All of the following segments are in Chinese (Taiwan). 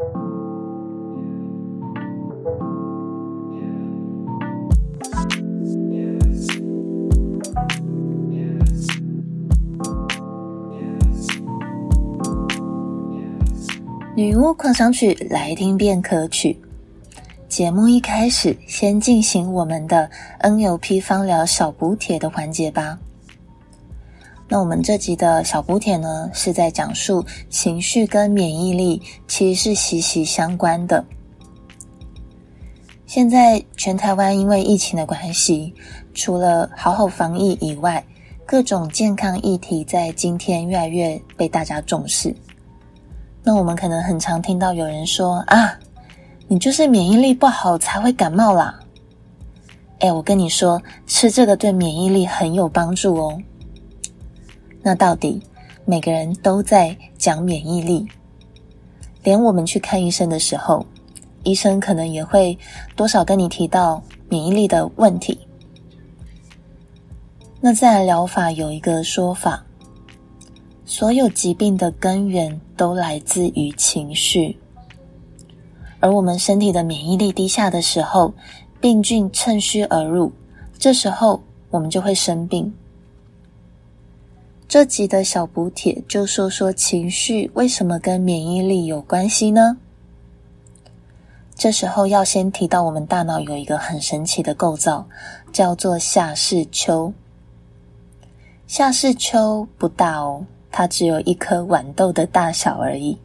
Yes, yes, yes, yes, yes. 女巫狂想曲，來聽便可取。節目一開始，先進行我們的 NLP 芳療小補帖的環節吧。那我們這集的小補帖呢，是在講述情緒跟免疫力其實是息息相關的。現在全台灣因為疫情的關係，除了好好防疫以外，各種健康議題在今天越來越被大家重視。那我們可能很常聽到有人說啊，你就是免疫力不好才會感冒啦。誒，我跟你說，吃這個對免疫力很有幫助哦。那到底每個人都在講免疫力，連我們去看醫生的時候，醫生可能也會多少跟你提到免疫力的問題。那自然療法有一個說法，所有疾病的根源都來自於情緒，而我們身體的免疫力低下的時候，病菌趁虛而入，這時候我們就會生病。這集的小補帖就說說情緒為什麼跟免疫力有關係呢？這時候要先提到我們大腦有一個很神奇的構造，叫做下視丘。下視丘不大哦，它只有一顆豌豆的大小而已。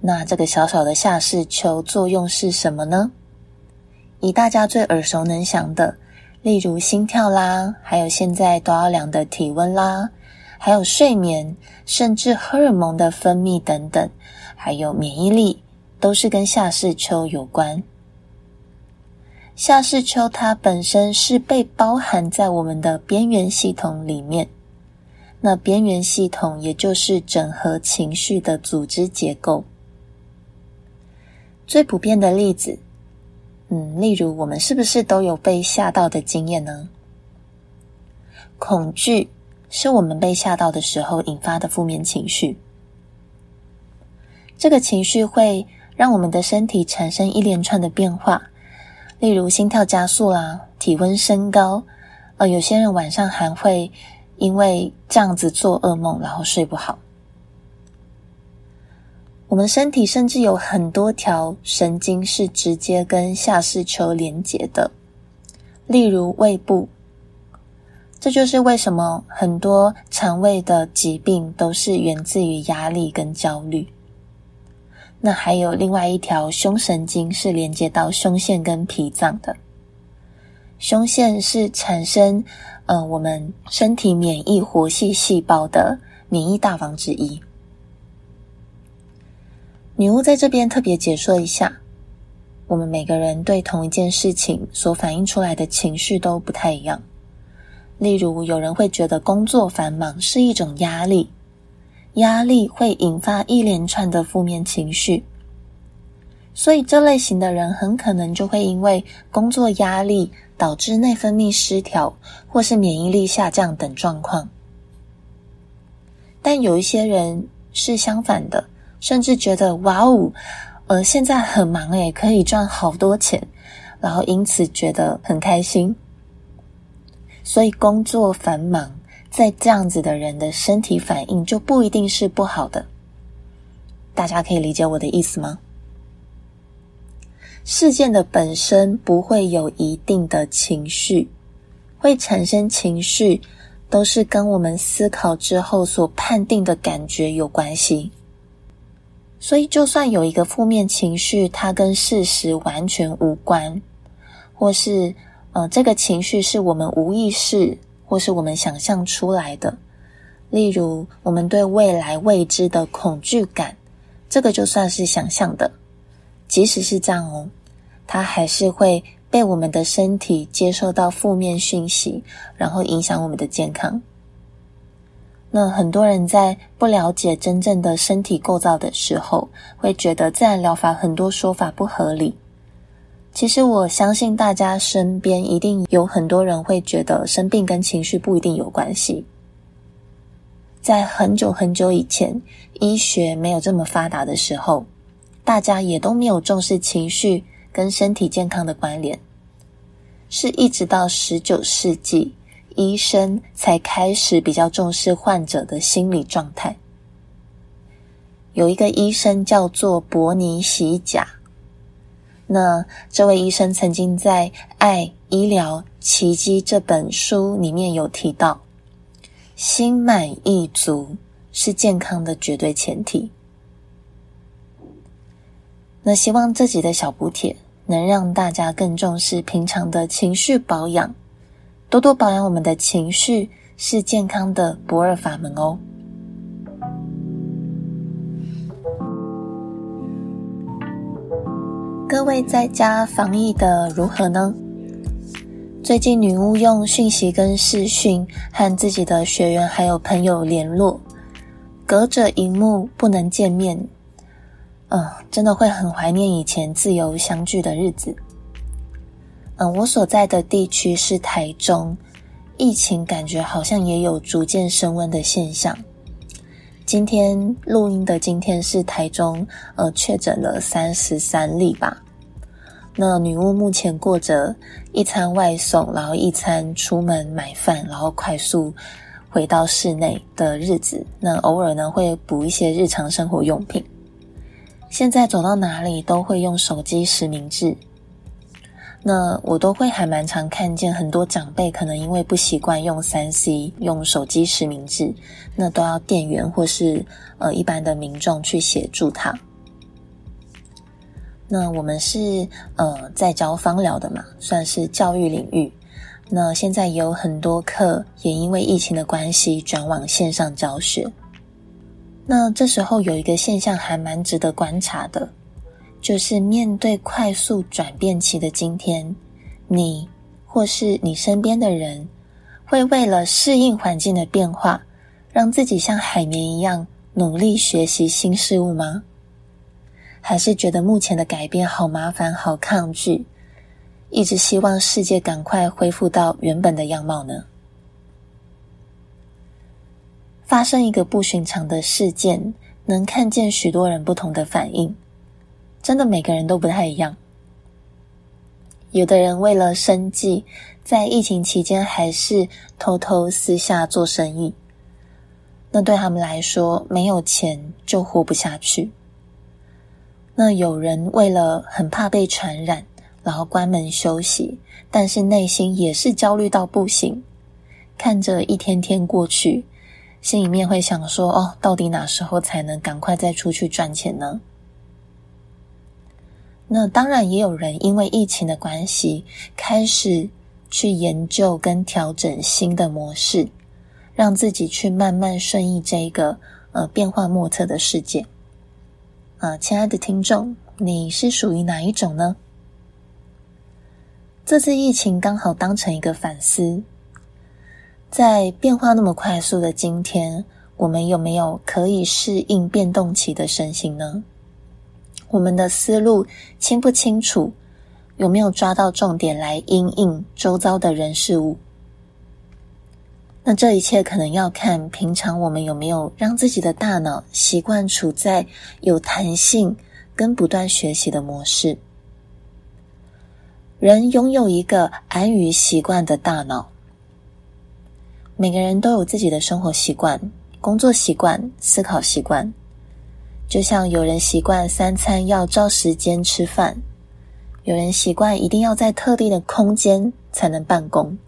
那這個小小的下視丘作用是什麼呢？以大家最耳熟能詳的，例如心跳啦，還有現在都要量的體溫啦，還有睡眠，甚至荷爾蒙的分泌等等，還有免疫力，都是跟下視丘有關。下視丘它本身是被包含在我們的邊緣系統裡面，那邊緣系統也就是整合情緒的組織結構。最普遍的例子。嗯，例如我們是不是都有被嚇到的經驗呢？恐懼是我們被嚇到的時候引發的負面情緒，這個情緒會讓我們的身體產生一連串的變化，例如心跳加速啊、體溫升高，呃，有些人晚上還會因為這樣子做噩夢，然後睡不好。我們身體甚至有很多條神經是直接跟下視丘連接的，例如胃部。這就是為什麼很多腸胃的疾病都是源自於壓力跟焦慮。那還有另外一條胸神經是連接到胸腺跟脾臟的。胸腺是產生呃，我們身體免疫活性細胞的免疫大房之一。女巫在這邊特別解說一下，我們每個人對同一件事情所反映出來的情緒都不太一樣。例如，有人會覺得工作繁忙是一種壓力，壓力會引發一連串的負面情緒，所以這類型的人很可能就會因為工作壓力導致內分泌失調或是免疫力下降等狀況。但有一些人是相反的。甚至覺得哇哦，呃，現在很忙哎，可以賺好多錢，然後因此覺得很開心。所以工作繁忙，在這樣子的人的身體反應就不一定是不好的。大家可以理解我的意思嗎？事件的本身不會有一定的情緒，會產生情緒，都是跟我們思考之後所判定的感覺有關係。所以，就算有一個負面情緒，它跟事實完全無關，或是，呃，這個情緒是我們無意識，或是我們想象出來的。例如，我們對未來未知的恐懼感，這個就算是想象的，即使是這樣哦，它還是會被我們的身體接受到負面訊息，然後影響我們的健康。那很多人在不了解真正的身體構造的時候，會覺得自然療法很多說法不合理。其實我相信大家身邊一定有很多人會覺得生病跟情緒不一定有關係。在很久很久以前，醫學沒有這麼發達的時候，大家也都沒有重視情緒跟身體健康的關聯。是一直到十九世紀。醫生才開始比較重視患者的心理狀態。有一個醫生叫做伯尼喜甲。那這位醫生曾經在《愛醫療奇蹟》這本書裡面有提到，心滿意足是健康的絕對前提。那希望自己的小補帖能讓大家更重視平常的情緒保養。多多保養我們的情緒是健康的不二法門哦。各位在家防疫的如何呢？最近女巫用訊息跟視訊和自己的學員還有朋友聯絡，隔着熒幕不能見面，嗯、呃，真的會很懷念以前自由相聚的日子。嗯，我所在的地區是台中，疫情感覺好像也有逐漸升溫的現象。今天錄音的今天是台中，呃，確診了三十三例吧。那女巫目前過着一餐外送，然後一餐出門買飯，然後快速回到室內的日子。那偶爾呢，會補一些日常生活用品。現在走到哪裡都會用手機實名制。那我都會還蠻常看見很多長輩，可能因為不習慣用 3C，用手機實名制，那都要店員或是呃一般的民眾去協助他。那我們是呃在教芳療的嘛，算是教育領域。那現在也有很多課也因為疫情的關係轉往線上教學。那這時候有一個現象還蠻值得觀察的。就是面對快速轉變期的今天，你或是你身邊的人，會為了適應環境的變化，讓自己像海綿一樣努力學習新事物嗎？還是覺得目前的改變好麻煩、好抗拒，一直希望世界趕快恢復到原本的樣貌呢？發生一個不尋常的事件，能看見許多人不同的反應。真的每個人都不太一樣。有的人為了生計，在疫情期間還是偷偷私下做生意。那對他們來說，沒有錢就活不下去。那有人為了很怕被傳染，然後關門休息，但是內心也是焦慮到不行，看着一天天過去，心裡面會想說：“哦，到底哪時候才能趕快再出去賺錢呢？”那當然，也有人因為疫情的關係，開始去研究跟調整新的模式，讓自己去慢慢順應這個呃變化莫測的世界。啊，親愛的聽眾，你是屬於哪一種呢？這次疫情剛好當成一個反思，在變化那麼快速的今天，我們有沒有可以適應變動期的身心呢？我們的思路清不清楚，有沒有抓到重點來因應周遭的人事物？那這一切可能要看平常我們有沒有讓自己的大腦習慣處在有彈性跟不斷學習的模式。人擁有一個安於習慣的大腦，每個人都有自己的生活習慣、工作習慣、思考習慣。就像有人習慣三餐要照時間吃飯，有人習慣一定要在特定的空間才能辦公，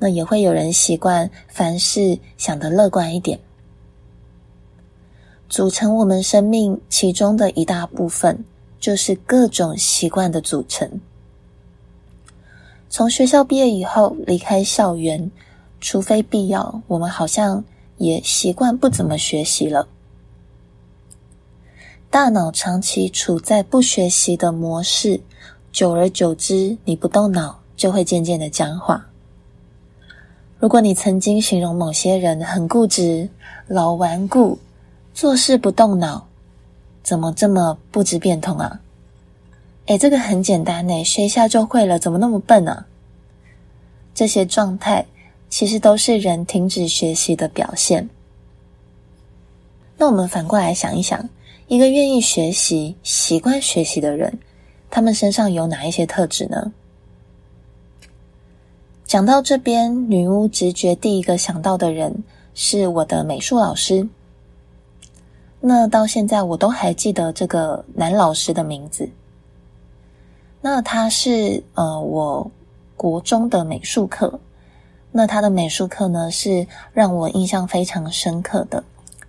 那也會有人習慣凡事想得樂觀一點。組成我們生命其中的一大部分，就是各種習慣的組成。從學校畢業以後，離開校園，除非必要，我們好像也習慣不怎麼學習了。大腦長期處在不學習的模式，久而久之，你不動腦就會漸漸的僵化。如果你曾經形容某些人很固執、老頑固、做事不動腦，怎麼這麼不知變通啊？誒，這個很簡單誒，學一下就會了，怎麼那麼笨呢、啊？這些狀態其實都是人停止學習的表現。那我們反過來想一想。一個願意學習、習慣學習的人，他們身上有哪一些特質呢？講到這邊，女巫直覺第一個想到的人是我的美術老師。那到現在我都還記得這個男老師的名字。那他是呃，我國中的美術課，那他的美術課呢是讓我印象非常深刻的。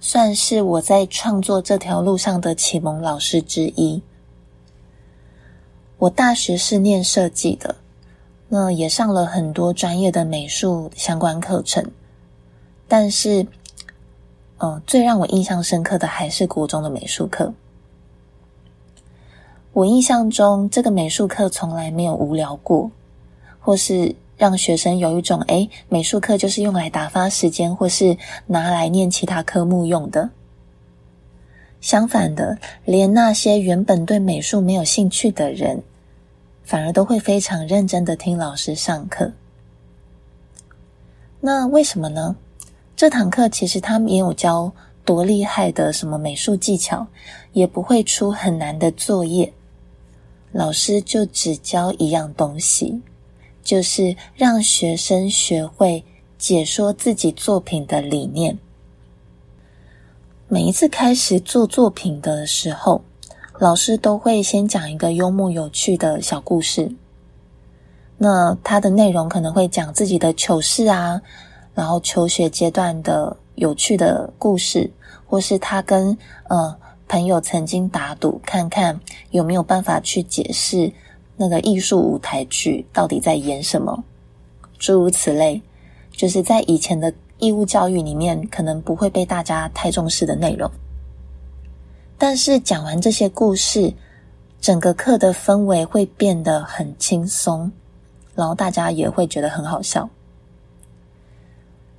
算是我在創作這條路上的啟蒙老師之一。我大學是念設計的，那也上了很多專業的美術相關課程，但是，呃，最讓我印象深刻的還是國中的美術課。我印象中，這個美術課從來沒有無聊過，或是。讓學生有一種哎，美術課就是用來打發時間，或是拿來念其他科目用的。相反的，連那些原本對美術沒有興趣的人，反而都會非常認真的聽老師上課。那為什麼呢？這堂課其實他們也有教多厲害的什麼美術技巧，也不會出很難的作業，老師就只教一樣東西。就是讓學生學會解說自己作品的理念。每一次開始做作品的時候，老師都會先講一個幽默有趣的小故事。那他的內容可能會講自己的糗事啊，然後求學階段的有趣的故事，或是他跟呃朋友曾經打賭，看看有沒有辦法去解釋。那個藝術舞台劇到底在演什麼？諸如此類，就是在以前的義務教育裡面，可能不會被大家太重視的內容。但是講完這些故事，整個課的氛圍會變得很輕鬆，然後大家也會覺得很好笑。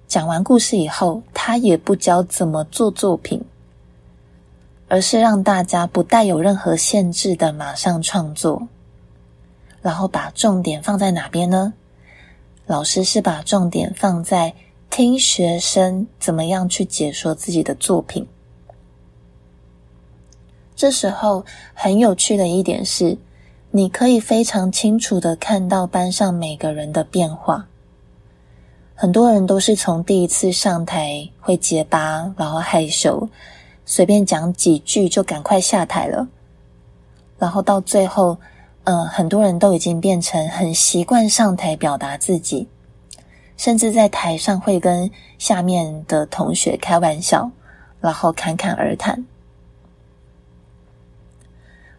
講完故事以後，他也不教怎麼做作品，而是讓大家不帶有任何限制的馬上創作。然後把重點放在哪邊呢？老師是把重點放在聽學生怎麼樣去解說自己的作品。這時候很有趣的一點是，你可以非常清楚地看到班上每個人的變化。很多人都是從第一次上台會結巴，然後害羞，隨便講幾句就趕快下台了，然後到最後。嗯、呃，很多人都已經變成很習慣上台表達自己，甚至在台上會跟下面的同學開玩笑，然後侃侃而談。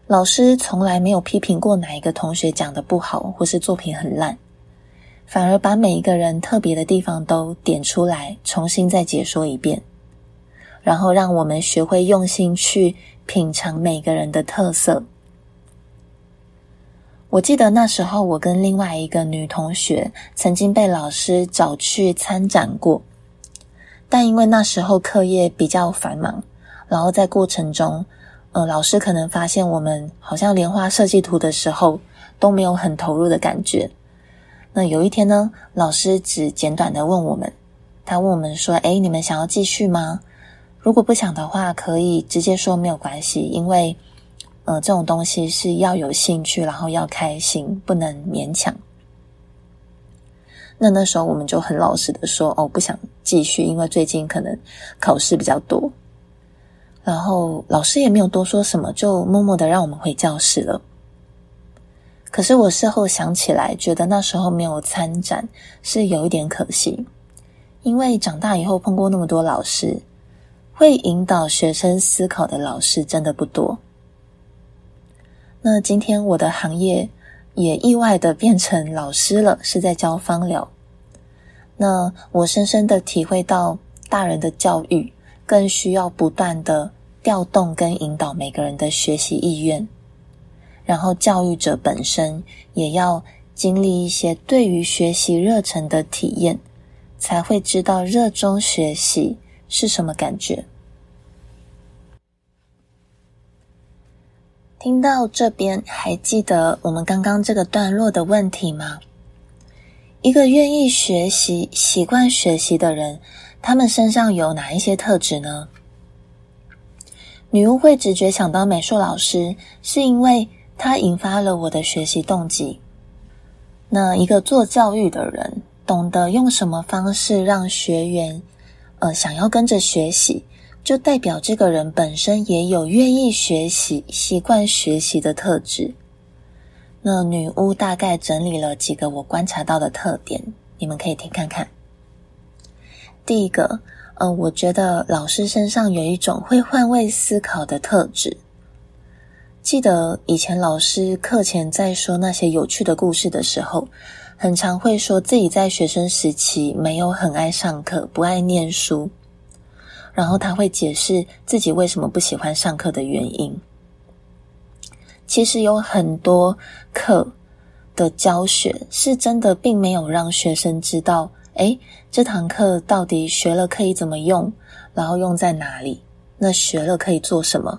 老師從來沒有批評過哪一個同學講的不好或是作品很爛，反而把每一個人特別的地方都點出來，重新再解說一遍，然後讓我們學會用心去品嘗每一個人的特色。我記得那時候，我跟另外一個女同學曾經被老師找去參展過，但因為那時候課業比較繁忙，然後在過程中，呃，老師可能發現我們好像連畫設計圖的時候都沒有很投入的感覺。那有一天呢，老師只簡短地問我們，他問我們說：“哎，你們想要繼續嗎？如果不想的話，可以直接說沒有關係，因為。”呃，這種東西是要有興趣，然後要開心，不能勉強。那那時候我們就很老實的說：“哦，不想繼續，因為最近可能考試比較多。”然後老師也沒有多說什麼，就默默的讓我們回教室了。可是我事後想起來，覺得那時候沒有參展是有一點可惜，因為長大以後碰過那麼多老師，會引導學生思考的老師真的不多。那今天我的行業也意外的變成老師了，是在教芳療。那我深深的體會到，大人的教育更需要不斷的調動跟引導每個人的學習意願，然後教育者本身也要經歷一些對於學習熱忱的體驗，才會知道熱衷學習是什麼感覺。聽到這邊，還記得我們剛剛這個段落的問題嗎？一個願意學習、習慣學習的人，他們身上有哪一些特質呢？女巫會直覺想到美術老師，是因為他引發了我的學習動機。那一個做教育的人，懂得用什麼方式讓學員，呃，想要跟着學習。就代表這個人本身也有願意學習、習慣學習的特質。那女巫大概整理了幾個我觀察到的特點，你們可以聽看看。第一個，嗯、呃，我覺得老師身上有一種會換位思考的特質。記得以前老師課前在說那些有趣的故事的時候，很常會說自己在學生時期沒有很愛上課，不愛念書。然後他會解釋自己為什麼不喜歡上課的原因。其實有很多課的教學是真的並沒有讓學生知道，哎，這堂課到底學了可以怎麼用，然後用在哪裡？那學了可以做什麼？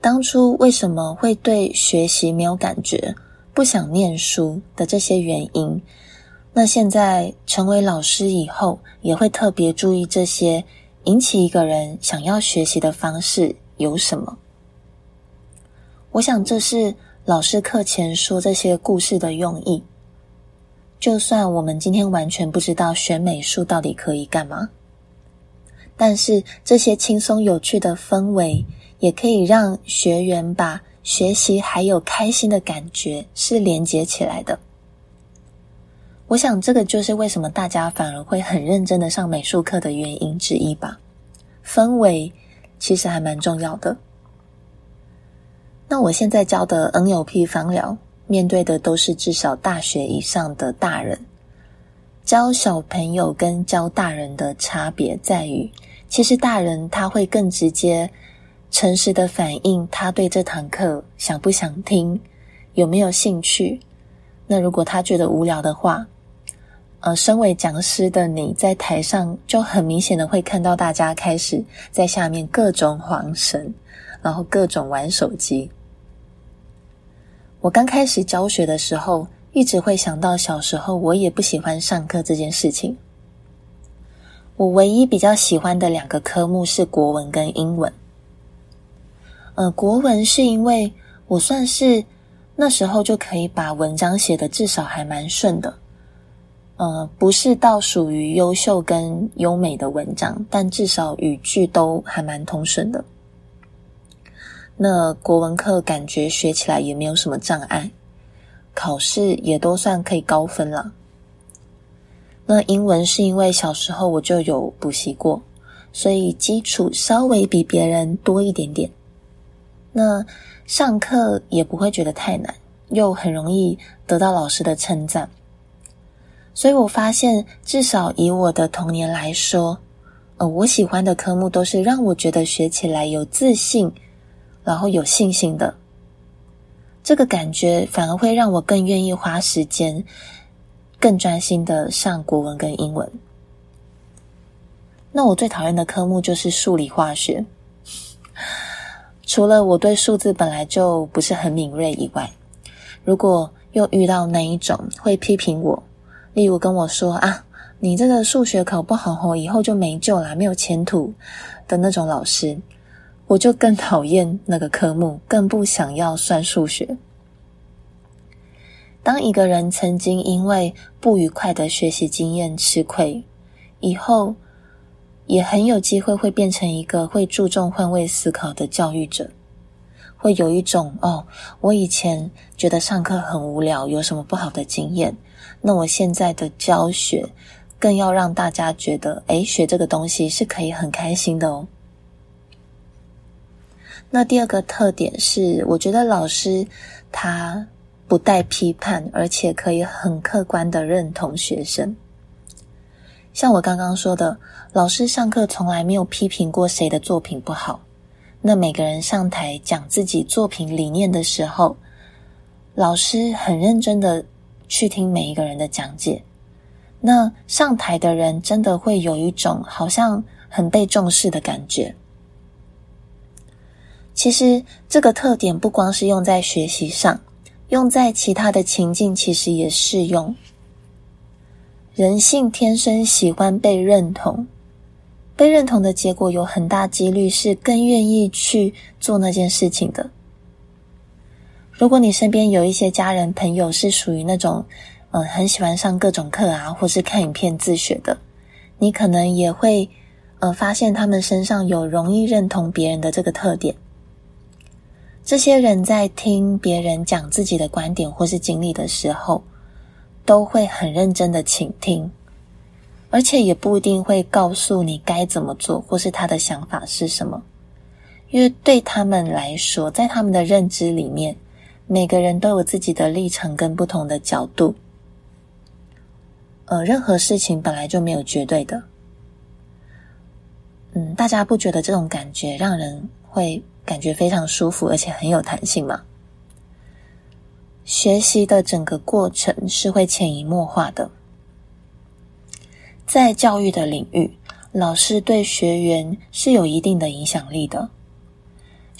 當初為什麼會對學習沒有感覺，不想念書的這些原因。那現在成為老師以後，也會特別注意這些。引起一個人想要學習的方式有什麼？我想這是老師課前說這些故事的用意。就算我們今天完全不知道學美術到底可以幹嘛，但是這些輕鬆有趣的氛圍，也可以讓學員把學習還有開心的感覺是連接起來的。我想，這個就是為什麼大家反而會很認真的上美術課的原因之一吧。氛圍其實還蠻重要的。那我現在教的 NLP 芳療，面對的都是至少大學以上的大人。教小朋友跟教大人的差別在於，其實大人他會更直接、誠實的反映他對這堂課想不想聽，有沒有興趣。那如果他覺得無聊的話，呃，身為講師的你，在台上就很明顯的會看到大家開始在下面各種晃神，然後各種玩手機。我剛開始教學的時候，一直會想到小時候我也不喜歡上課這件事情。我唯一比較喜歡的兩個科目是國文跟英文。呃，國文是因為我算是那時候就可以把文章寫得至少還蠻順的。呃，不是倒屬於優秀跟優美的文章，但至少語句都還蠻通順的。那國文課感覺學起來也沒有什麼障礙，考試也都算可以高分了。那英文是因為小時候我就有補習過，所以基礎稍微比別人多一點點。那上課也不會覺得太難，又很容易得到老師的稱讚。所以我發現至少以我的童年來說，呃，我喜歡的科目都是讓我覺得學起來有自信，然後有信心的。這個感覺反而會讓我更願意花時間，更專心的上國文跟英文。那我最討厭的科目就是數理化學，除了我對數字本來就不是很敏銳以外，如果又遇到那一種會批評我。例如跟我說啊，你這個數學考不好，以後就沒救了，沒有前途的那種老師，我就更討厭那個科目，更不想要算數學。當一個人曾經因為不愉快的學習經驗吃虧，以後也很有機會會變成一個會注重換位思考的教育者，會有一種哦，我以前覺得上課很無聊，有什麼不好的經驗。那我現在的教學，更要讓大家覺得，誒，學這個東西是可以很開心的哦。那第二個特點是，我覺得老師他不帶批判，而且可以很客觀的認同學生。像我剛剛說的，老師上課從來沒有批評過誰的作品不好。那每個人上台講自己作品理念的時候，老師很認真的。去聽每一個人的講解，那上台的人真的會有一種好像很被重視的感覺。其實這個特點不光是用在學習上，用在其他的情境其實也適用。人性天生喜歡被認同，被認同的結果有很大幾率是更願意去做那件事情的。如果你身邊有一些家人朋友是屬於那種，嗯、呃，很喜歡上各種課啊，或是看影片自學的，你可能也會，呃，發現他們身上有容易認同別人的這個特點。這些人在聽別人講自己的觀點或是經歷的時候，都會很認真的傾聽，而且也不一定會告訴你該怎麼做，或是他的想法是什麼，因為對他們來說，在他們的認知裡面。每個人都有自己的歷程跟不同的角度，呃，任何事情本來就沒有絕對的。嗯，大家不覺得這種感覺讓人會感覺非常舒服，而且很有彈性嗎？學習的整個過程是會潛移默化的，在教育的領域，老師對學員是有一定的影響力的。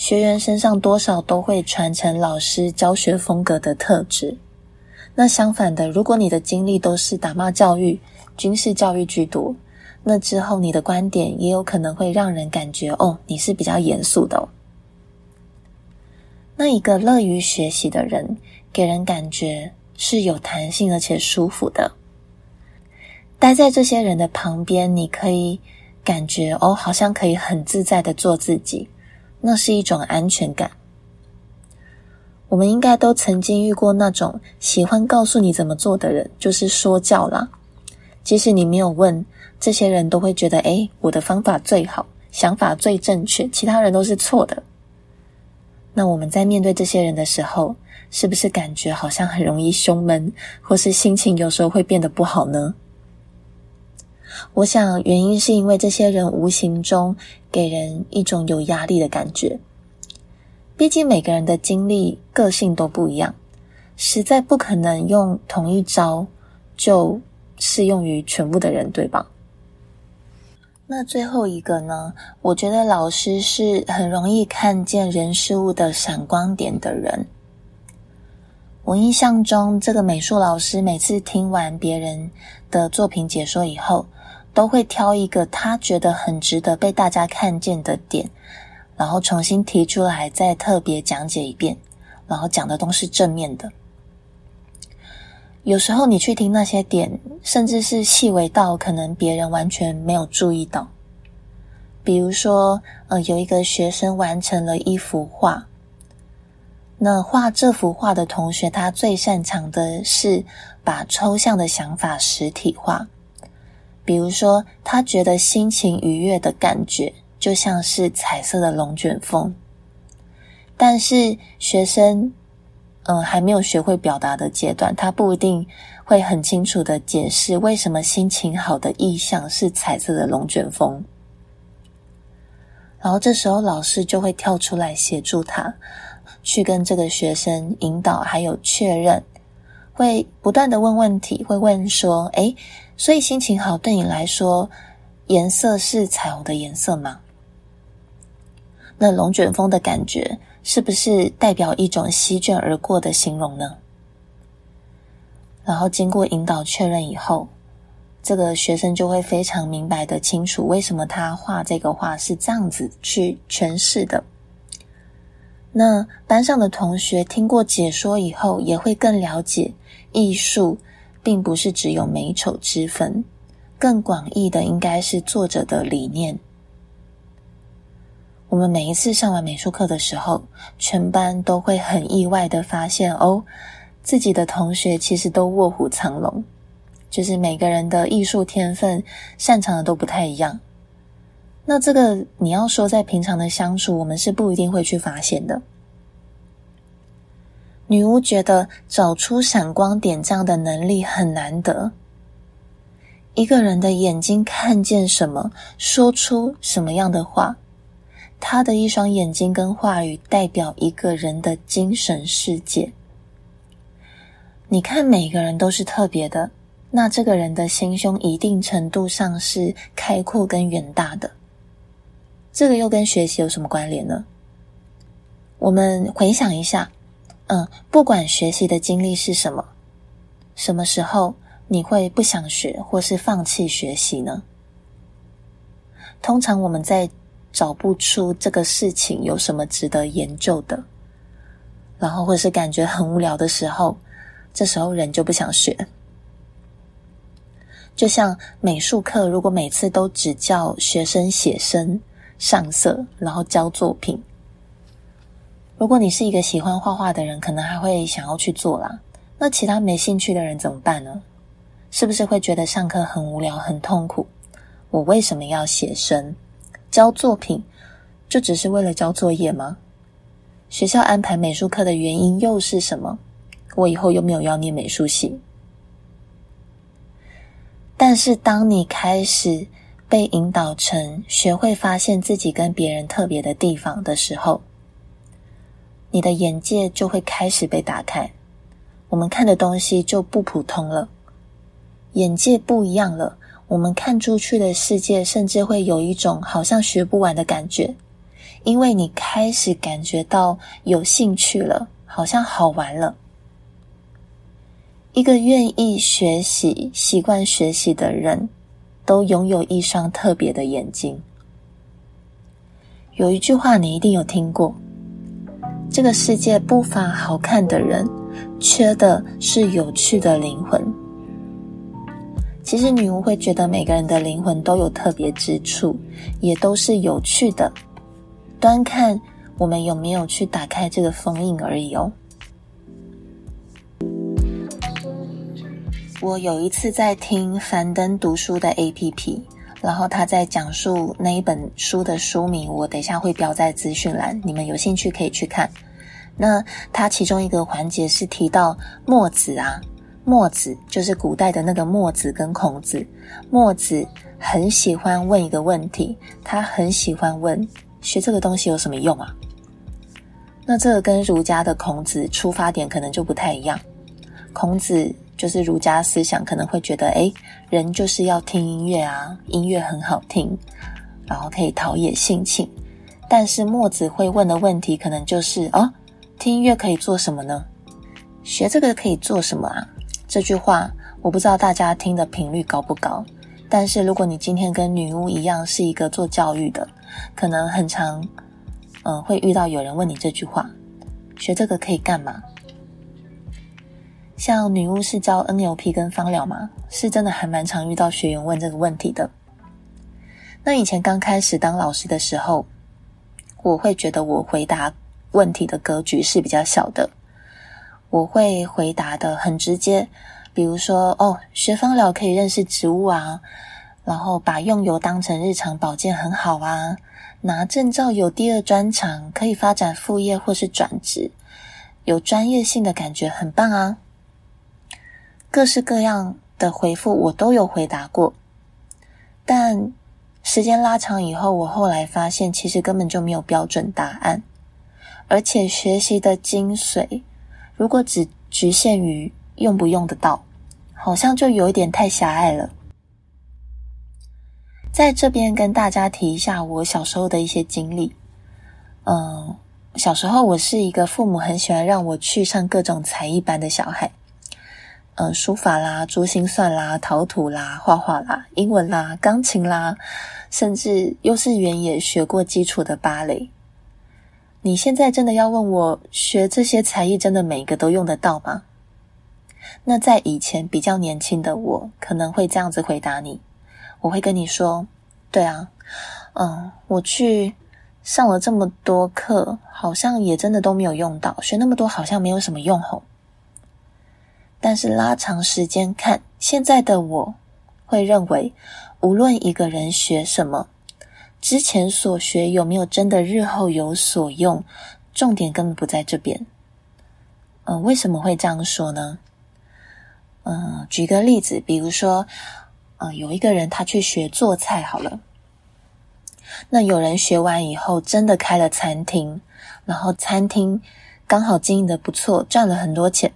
學員身上多少都會傳承老師教學風格的特質。那相反的，如果你的經歷都是打罵教育、軍事教育居多，那之後你的觀點也有可能會讓人感覺哦，你是比較嚴肅的哦。那一個樂於學習的人，給人感覺是有彈性而且舒服的。待在這些人的旁邊，你可以感覺哦，好像可以很自在的做自己。那是一種安全感。我們應該都曾經遇過那種喜歡告訴你怎麼做的人，就是說教啦。即使你沒有問，這些人都會覺得：“誒，我的方法最好，想法最正確，其他人都是錯的。”那我們在面對這些人的時候，是不是感覺好像很容易胸悶，或是心情有時候會變得不好呢？我想原因是因為這些人無形中，給人一種有壓力的感覺，畢竟每個人的經歷、個性都不一樣，實在不可能用同一招就適用於全部的人，對吧？那最後一個呢？我覺得老師是很容易看見人事物的閃光點的人。我印象中，這個美術老師每次聽完別人的作品解說以後，都會挑一個他覺得很值得被大家看見的點，然後重新提出來，再特別講解一遍，然後講的都是正面的。有時候你去聽那些點，甚至是細微到可能別人完全沒有注意到。比如說，呃，有一個學生完成了一幅畫，那畫這幅畫的同學，他最擅長的是把抽象的想法實體化。比如說，他覺得心情愉悅的感覺就像是彩色的龍捲風。但是學生，嗯，還沒有學會表達的階段，他不一定會很清楚地解釋為什麼心情好的意象是彩色的龍捲風。然後這時候老師就會跳出來協助他，去跟這個學生引導，還有確認，會不斷地問問題，會問說：“哎。”所以心情好對你來說，顏色是彩虹的顏色嗎？那龍捲風的感覺是不是代表一種席捲而過的形容呢？然後經過引導確認以後，這個學生就會非常明白的清楚為什麼他畫這個畫是這樣子去詮釋的。那班上的同學聽過解說以後，也會更了解藝術。並不是只有美醜之分，更廣義的應該是作者的理念。我們每一次上完美術課的時候，全班都會很意外的發現哦，自己的同學其實都臥虎藏龍，就是每個人的藝術天分擅長的都不太一樣。那這個你要說在平常的相處，我們是不一定會去發現的。女巫覺得找出閃光點這樣的能力很難得。一個人的眼睛看見什麼，說出什麼樣的話，他的一雙眼睛跟話語代表一個人的精神世界。你看，每個人都是特別的，那這個人的心胸一定程度上是開闊跟遠大的。這個又跟學習有什麼關聯呢？我們回想一下。嗯，不管學習的經歷是什麼，什麼時候你會不想學或是放棄學習呢？通常我們在找不出這個事情有什麼值得研究的，然後或是感覺很無聊的時候，這時候人就不想學。就像美術課，如果每次都只叫學生寫生、上色，然後交作品。如果你是一個喜歡畫畫的人，可能還會想要去做啦。那其他沒興趣的人怎麼辦呢？是不是會覺得上課很無聊、很痛苦？我為什麼要寫生、交作品？就只是為了交作業嗎？學校安排美術課的原因又是什麼？我以後又沒有要念美術系。但是，當你開始被引導成學會發現自己跟別人特別的地方的時候，你的眼界就會開始被打開，我們看的東西就不普通了，眼界不一樣了，我們看出去的世界甚至會有一種好像學不完的感覺，因為你開始感覺到有興趣了，好像好玩了。一個願意學習、習慣學習的人，都擁有一雙特別的眼睛。有一句話你一定有聽過。這個世界不乏好看的人，缺的是有趣的靈魂。其實女巫會覺得每個人的靈魂都有特別之處，也都是有趣的，端看我們有沒有去打開這個封印而已哦。我有一次在聽樊登讀書的 A P P。然後他在講述那一本書的書名，我等一下會標在資訊欄，你們有興趣可以去看。那他其中一個環節是提到墨子啊，墨子就是古代的那個墨子跟孔子，墨子很喜歡問一個問題，他很喜歡問，學這個東西有什麼用啊？那這個跟儒家的孔子出發點可能就不太一樣，孔子。就是儒家思想可能會覺得，哎，人就是要聽音樂啊，音樂很好聽，然後可以陶冶性情。但是墨子會問的問題，可能就是，哦，聽音樂可以做什麼呢？學這個可以做什麼啊？這句話我不知道大家聽的頻率高不高，但是如果你今天跟女巫一樣是一個做教育的，可能很常，嗯，會遇到有人問你這句話，學這個可以幹嘛？像女巫是教 NLP 跟芳療嗎？是真的還蠻常遇到學員問這個問題的。那以前剛開始當老師的時候，我會覺得我回答問題的格局是比較小的，我會回答得很直接，比如說哦，學芳療可以認識植物啊，然後把用油當成日常保健很好啊，拿證照有第二專長可以發展副業或是轉職，有專業性的感覺很棒啊。各式各樣的回復我都有回答過，但時間拉長以後，我後來發現其實根本就沒有標準答案，而且學習的精髓如果只侷限於用不用得到，好像就有一點太狹隘了。在這邊跟大家提一下我小時候的一些經歷，嗯，小時候我是一個父母很喜歡讓我去上各種才藝班的小孩。嗯，書法啦、珠心算啦、陶土啦、畫畫啦、英文啦、鋼琴啦，甚至幼稚園也學過基礎的芭蕾。你現在真的要問我學這些才藝，真的每一個都用得到嗎？那在以前比較年輕的我，可能會這樣子回答你：我會跟你說，對啊，嗯，我去上了這麼多課，好像也真的都沒有用到，學那麼多好像沒有什麼用吼。但是拉長時間看，現在的我會認為，無論一個人學什麼，之前所學有沒有真的日後有所用，重點根本不在這邊。嗯、呃，為什麼會這樣說呢？嗯、呃，舉個例子，比如說，嗯、呃，有一個人他去學做菜好了，那有人學完以後真的開了餐廳，然後餐廳剛好經營得不錯，賺了很多錢。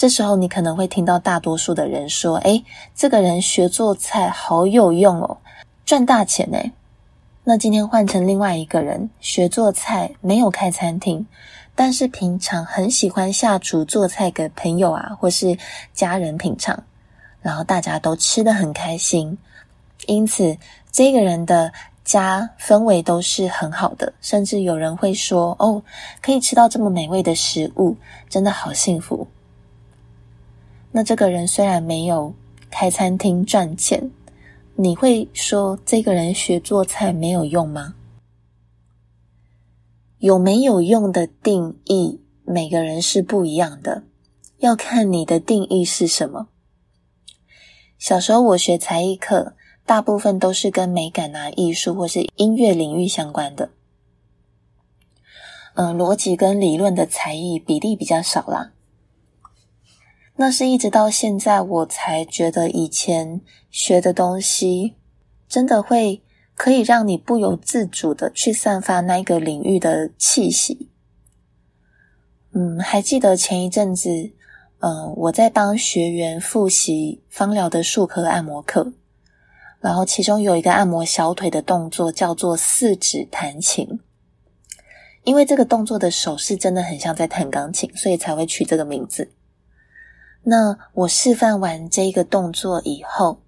這時候你可能會聽到大多數的人說：“誒，這個人學做菜好有用哦，賺大錢呢。”那今天換成另外一個人學做菜，沒有開餐廳，但是平常很喜歡下廚做菜給朋友啊或是家人品嘗，然後大家都吃得很開心。因此，這個人的家氛圍都是很好的，甚至有人會說：“哦，可以吃到這麼美味的食物，真的好幸福。”那這個人雖然沒有開餐廳賺錢，你會說這個人學做菜沒有用嗎？有沒有用的定義，每個人是不一樣的，要看你的定義是什麼。小時候我學才藝課，大部分都是跟美感啊、藝術或是音樂領域相關的，嗯、呃，邏輯跟理論的才藝比例比較少啦。那是一直到現在，我才覺得以前學的東西，真的會可以讓你不由自主的去散發那一個領域的氣息。嗯，還記得前一陣子，嗯、呃，我在幫學員復習芳療的術科按摩課，然後其中有一個按摩小腿的動作叫做四指彈琴，因為這個動作的手勢真的很像在彈鋼琴，所以才會取這個名字。那我示範完這一個動作以後，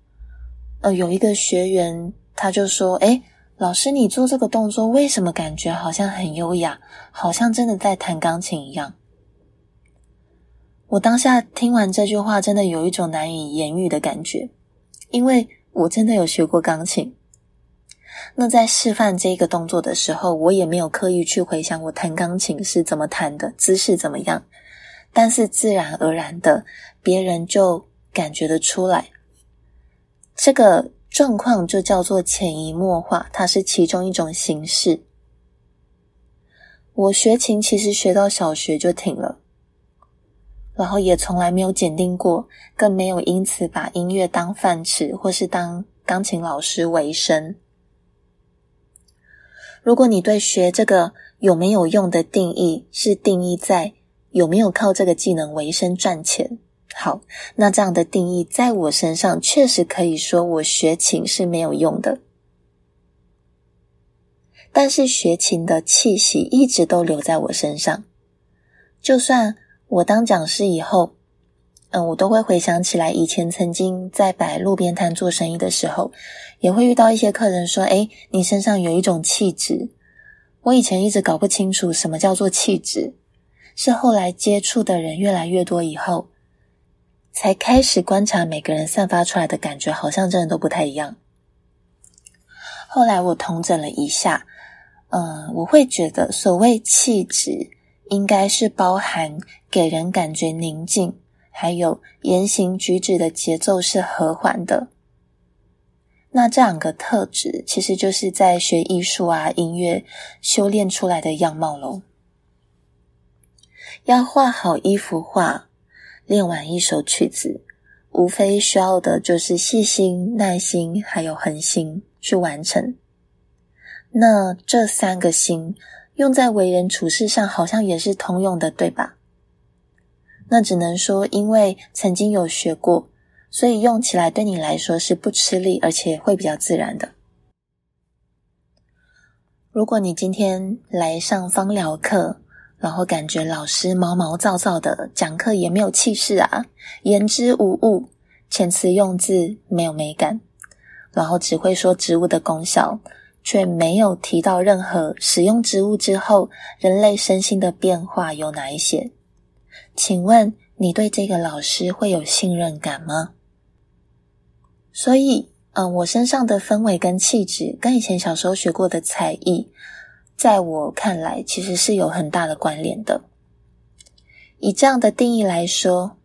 呃，有一個學員他就說：“哎，老師，你做這個動作為什麼感覺好像很優雅，好像真的在彈鋼琴一樣？”我當下聽完這句話，真的有一種難以言喻的感覺，因為我真的有學過鋼琴。那在示範這一個動作的時候，我也沒有刻意去回想我彈鋼琴是怎麼彈的，姿勢怎麼樣。但是自然而然的，別人就感覺得出來，這個狀況就叫做潛移默化，它是其中一種形式。我學琴其實學到小學就停了，然後也從來沒有檢定過，更沒有因此把音樂當飯吃，或是當鋼琴老師為生。如果你對學這個有沒有用的定義是定義在。有沒有靠這個技能為生賺錢？好，那這樣的定義在我身上確實可以說，我學琴是沒有用的，但是學琴的氣息一直都留在我身上。就算我當講師以後，嗯，我都會回想起來以前曾經在擺路邊攤做生意的時候，也會遇到一些客人說：“哎，你身上有一種氣質。”我以前一直搞不清楚什麼叫做氣質。是後來接觸的人越來越多以後，才開始觀察每個人散發出來的感覺，好像真的都不太一樣。後來我統整了一下，嗯，我會覺得所謂氣質，應該是包含給人感覺寧靜，還有言行舉止的節奏是和緩的。那這兩個特質，其實就是在學藝術啊、音樂修煉出來的樣貌嘍。要畫好一幅畫，練完一首曲子，無非需要的就是細心、耐心，還有恆心去完成。那這三個心用在為人處事上，好像也是通用的，對吧？那只能說，因為曾經有學過，所以用起來對你來說是不吃力，而且會比較自然的。如果你今天來上芳療課，然後感覺老師毛毛躁躁的，講課也沒有氣勢啊，言之無物，遣詞用字沒有美感，然後只會說植物的功效，卻沒有提到任何使用植物之後人類身心的變化有哪一些。請問你對這個老師會有信任感嗎？所以，嗯、呃，我身上的氛圍跟氣質，跟以前小時候學過的才藝。在我看來，其實是有很大的關聯的。以這樣的定義來說，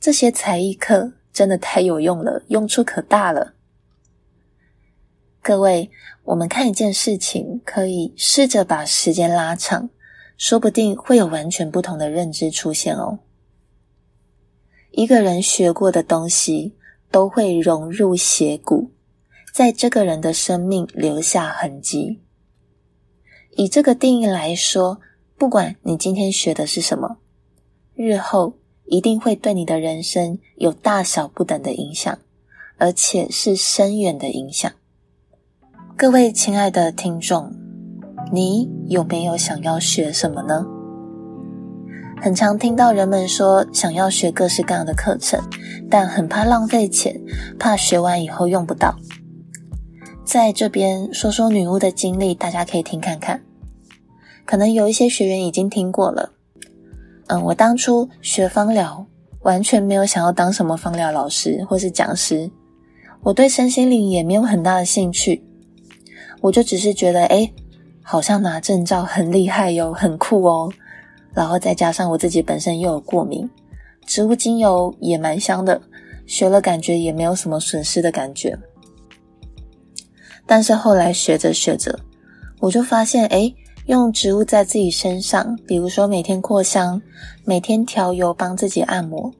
這些才藝課真的太有用了，用處可大了。各位，我們看一件事情，可以試着把時間拉長，說不定會有完全不同的認知出現哦。一個人學過的東西，都會融入血骨，在這個人的生命留下痕跡。以這個定義來說，不管你今天學的是什麼，日後一定會對你的人生有大小不等的影響，而且是深遠的影響。各位親愛的聽眾，你有沒有想要學什麼呢？很常聽到人們說想要學各式各樣的課程，但很怕浪費錢，怕學完以後用不到。在這邊說說女巫的經歷，大家可以聽看看。可能有一些學員已經聽過了。嗯，我當初學芳療，完全沒有想要當什麼芳療老師或是講師。我對身心靈也沒有很大的興趣。我就只是覺得，誒，好像拿證照很厲害喲，很酷哦。然後再加上我自己本身又有過敏，植物精油也蠻香的，學了感覺也沒有什麼損失的感覺。但是後來學着學着，我就發現，誒，用植物在自己身上，比如說每天擴香，每天調油幫自己按摩，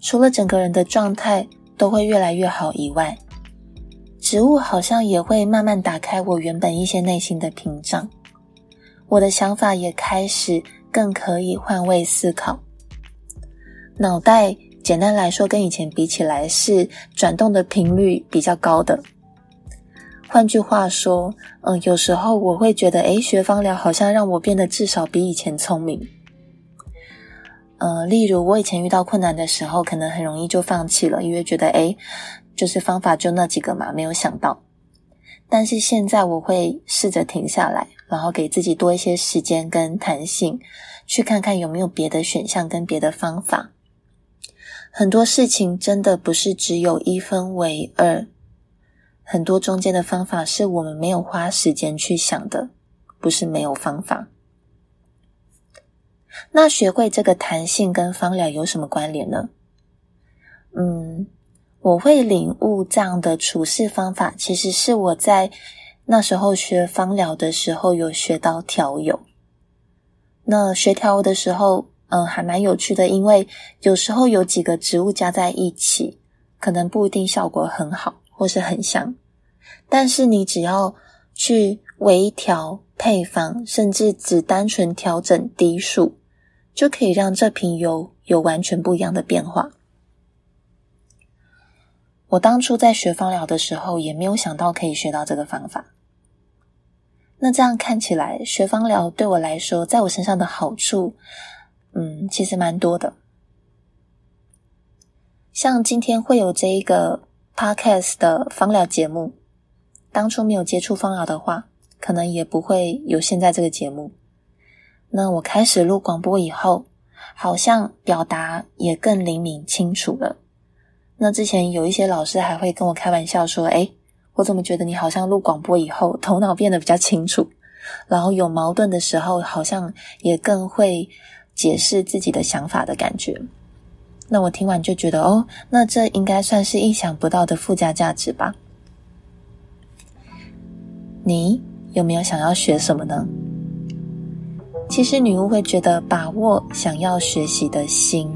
除了整個人的狀態都會越來越好以外，植物好像也會慢慢打開我原本一些內心的屏障，我的想法也開始更可以換位思考，腦袋簡單來說跟以前比起來是轉動的頻率比較高的。換句話說，嗯，有時候我會覺得，哎，學芳療好像讓我變得至少比以前聰明。呃，例如我以前遇到困難的時候，可能很容易就放棄了，因為覺得，哎，就是方法就那幾個嘛，沒有想到。但是現在我會試着停下來，然後給自己多一些時間跟彈性，去看看有沒有別的選項跟別的方法。很多事情真的不是只有一分為二。很多中間的方法是我們沒有花時間去想的，不是沒有方法。那學會這個彈性跟芳療有什麼關聯呢？嗯，我會領悟這樣的處事方法，其實是我在那時候學芳療的時候有學到調油。那學調油的時候，嗯，還蠻有趣的，因為有時候有幾個植物加在一起，可能不一定效果很好。或是很香，但是你只要去微調配方，甚至只單純調整滴數，就可以讓這瓶油有，有完全不一樣的變化。我當初在學芳療的時候，也沒有想到可以學到這個方法。那這樣看起來，學芳療對我來說，在我身上的好處，嗯，其實蠻多的。像今天會有這一個。Podcast 的芳療節目，當初沒有接觸芳療的話，可能也不會有現在這個節目。那我開始錄廣播以後，好像表達也更靈敏清楚了。那之前有一些老師還會跟我開玩笑說：“哎，我怎麼覺得你好像錄廣播以後，頭腦變得比較清楚，然後有矛盾的時候，好像也更會解釋自己的想法的感覺。”那我聽完就覺得哦，那這應該算是意想不到的附加價值吧？你有沒有想要學什麼呢？其實女巫會覺得，把握想要學習的心，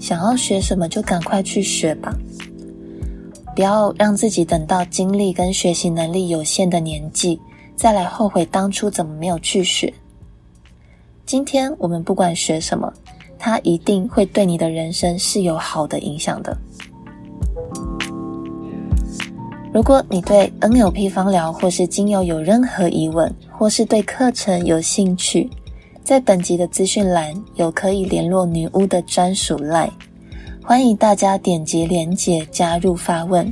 想要學什麼就趕快去學吧，不要讓自己等到精力跟學習能力有限的年紀，再來後悔當初怎麼沒有去學。今天我們不管學什麼。它一定會對你的人生是有好的影響的。如果你對 NLP 芳療或是精油有任何疑問，或是對課程有興趣，在本集的資訊欄有可以聯絡女巫的專屬 Line，歡迎大家點擊連結加入發問，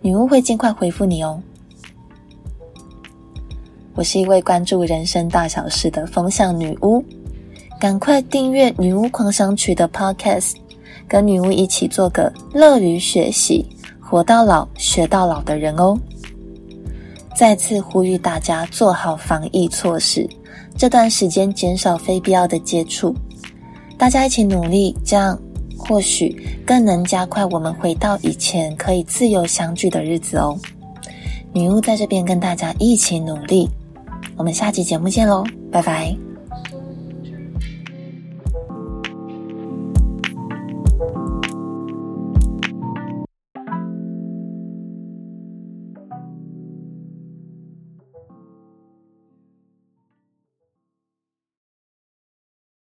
女巫會盡快回復你哦。我是一位關注人生大小事的風象女巫。趕快訂閱《女巫狂想曲》的 Podcast，跟女巫一起做個樂於學習、活到老學到老的人哦。再次呼籲大家做好防疫措施，這段時間減少非必要的接觸，大家一起努力，這樣或許更能加快我們回到以前可以自由相聚的日子哦。女巫在這邊跟大家一起努力，我們下期節目見嘍，拜拜。